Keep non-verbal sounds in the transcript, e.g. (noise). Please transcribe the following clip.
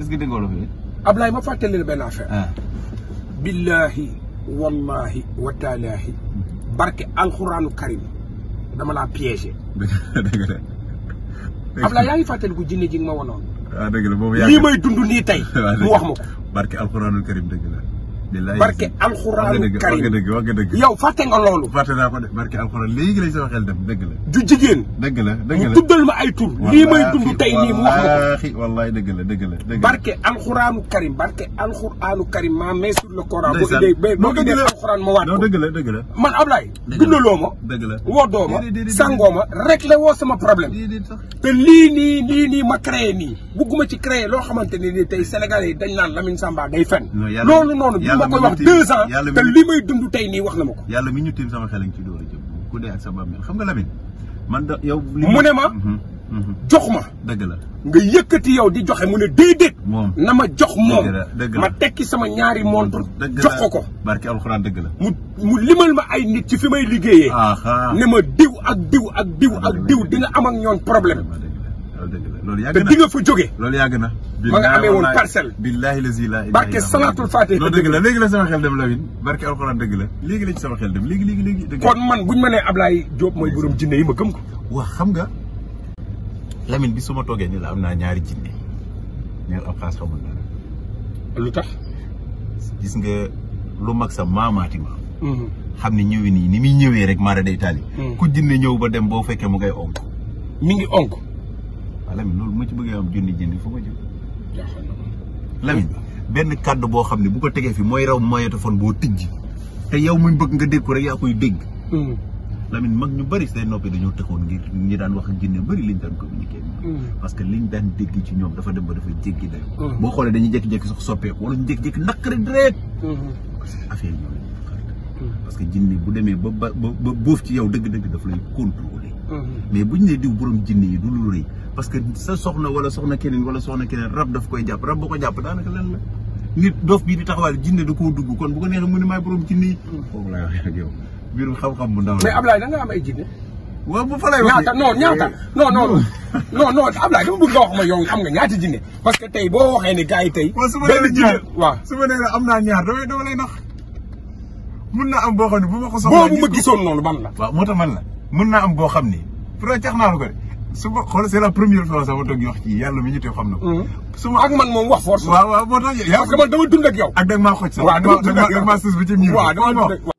est-ce que dégg nga wolof yi. Ablaye ma fàttali la benn affaire. Ah. billaahi wallaahi wataalaahi mm-hmm. barke alxuraanu karim dama laa piégé. (laughs) dëgg la Ablaye yaa ngi jinne ji nga ma wanoon. waaw ah, dëgg lii may dund nii tey. (laughs) mu wax ma ko. barke alxuraanu karim dëgg la. barke alxuraanu karim yow fàtte nga loolu. fàtte naa ko def barke alxuraan léegi lañ sama xel dem dëgg la. du jigéen. dëgg la dëgg la mu tuddal ma ay tur. lii may dund tey nii mu wax ma ko. wallaay dëgg la dëgg la dëgg la. barke alxuraanu karim barke alxuraanu karim maa mais sur le coran. ndeysaan boo indee alxuraan ma waat ko dëgg la dëgg la. man Ablaye. dundaloo ma. dëgg la woddoo ma sangoo ma rek la woo sama problème. te lii nii lii nii ma créé nii bugguma ci créé loo xamante ne nii tey sénégalais dañ naan Lamine Samba day fen loolu noonu ma koy wax deux ans te li may dund tey nii wax na ma ko yàlla mi ñu tiim sama xel ci door a jëm ku dee ak sa bàmmeel xam nga Lamine man da yow mu ne ma mhm. Mhm. jox ma dëgg la nga yëkkati yow di joxe mu ne déedéet moom na ma jox moom ma tekki sama ñaari montre jox ko ko barke alxuraan dëgg la mu mu limal ma ay nit ci fi may liggéeyee ne ma diw ak diw ak diw ak diw di nga am ak ñoon problème loolu yàgg na jóge loolu yàgg na ma nga amee woon parcelle billaahi lazi laa barke salaatul faatiha loolu dëgg la léegi la sama xel dem la barke alxuraan dëgg la léegi la ci sama xel dem léegi léegi léegi kon man buñ ma nee Ablaye Diop mooy borom jinne yi ma ko waa xam nga Lamine bi su ma toogee ni la am naa ñaari jinne ñaar ab xaas xamul lu tax gis nga lu mag sa maamaati ma mm-hmm. xam ne ñëwee nii ni muy ñëwee rek maara day taali mm-hmm. ku jinne ñëw ba dem boo fekkee mu ngay onk mi ngi onk Lamine loolu ma ci bëggee am junni junni fu ma jëm Lamine benn kàddu boo xam ne bu ko tegee fi mooy raw magnétophone boo tijj te yow muñ bëgg nga dégg ko rek yaa koy dégg hmm. lamin mag ñu bari seen noppi dañoo tëkkoon ngir ñi daan wax ak jinne bari liñ daan communiqué hmm. parce que liñ daan dégg ci ñoom dafa dem ba dafa jéggi dayo hmm. boo xoolee dañuy jékki-jékki sax soppeeku wala ñu jékki-jékki naqari direct parce que affaire parce que jinne bu demee ba ba boof ci yow dëgg-dëgg daf lay contrôle Mm-hmm. mais bu ñu nee diw borom jinne yi du lu rëy parce que sa soxna wala soxna keneen wala soxna keneen rab daf koy jàpp rab boo ko jàpp daanaka lan la nit dof bii di taxawaal jinne da koo dugg kon bu ko neexee mu ne maay borom jinne yi. Mm. da nga am ay jinne. waaw bu fa lay waxee ñaata non ñaata non non non non Ablaye dama bëgg nga wax ma parce que tey boo waxee ne gars yi tey. waaw su ma nee am naa ñaar damay dama lay na am boo xam ne bu ma ko ma la. waaw moo tax man la mën na am boo xam ni pourtant cax naa ko de su ma xool c'est la première fois sax ma toog ñu ci yàlla mi ñu teew xam na ko. Mm-hmm. ma ak man moom wax force. waaw waaw moo tax yow. parce que dama dund ak yow. ak da maa xoj sax. dama dund ak yow da nga maa bi ci miir.